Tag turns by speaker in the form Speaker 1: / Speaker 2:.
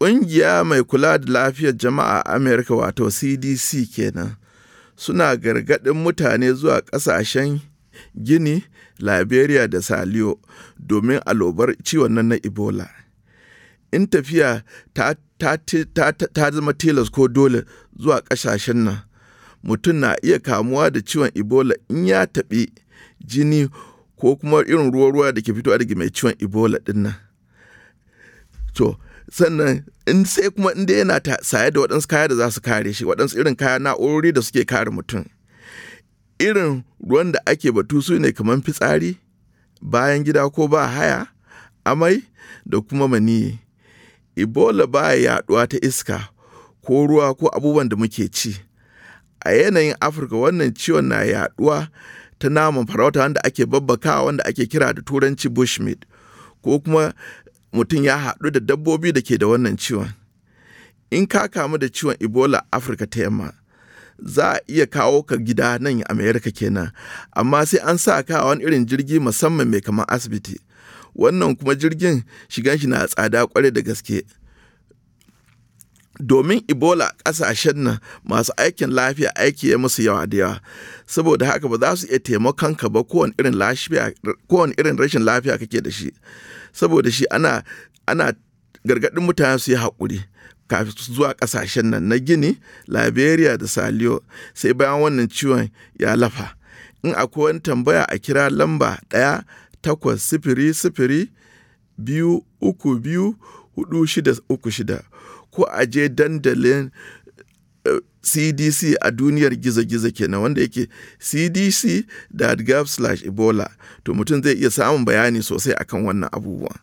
Speaker 1: Ƙungiya mai kula da lafiyar jama'a a Amerika, wato CDC kenan, suna gargaɗin mutane zuwa ƙasashen gini, Liberia da Saliyo domin allobar ciwon nan na Ebola. In tafiya ta, ta, ta, ta zama tilas ko dole zuwa ƙasashen nan, mutum na iya kamuwa da ciwon Ebola in ya taɓi jini ko kuma irin ruwa-ruwa da ke fitowa daga mai ciwon Ebola ɗin nan. To, sannan in sai kuma inda yana saye da waɗansu kaya da za su kare shi waɗansu irin kaya na'urori da suke kare mutum irin ruwan da ake batu su ne kamar fitsari bayan gida ko ba haya amai da kuma maniyi ibola ba yaɗuwa ta iska ko ruwa ko abubuwan da muke ci a yanayin afirka wannan ciwon na yaɗuwa ta naman farauta wanda ake babbakawa wanda ake kira da turanci bushmeat ko kuma mutum ya haɗu da dabbobi da ke da wannan ciwon. In ka kamu da ciwon Ebola Afirka ta yamma, za a iya kawo ka gida nan Amerika kenan, amma sai an sa ka wani irin jirgi musamman mai kamar asibiti. Wannan kuma jirgin shigan shi na tsada kwarai da gaske. domin ebola ƙasashen nan masu aikin lafiya aiki ya musu yawa da yawa saboda haka ba za su iya taimakon ka ba kowane irin rashin lafiya kake da shi saboda shi ana ana gargaɗin mutane su yi haƙuri kafin su zuwa ƙasashen nan na gini liberia da saliyo sai bayan wannan ciwon ya lafa in akwai wani tambaya a kira lamba ɗaya takwas sifiri sifiri biyu uku biyu 4636 ko a je dandalin cdc eh, a duniyar gizo-gizo kenan wanda yake cdc.gov/ebola to mutum zai iya samun bayani sosai akan wannan abubuwan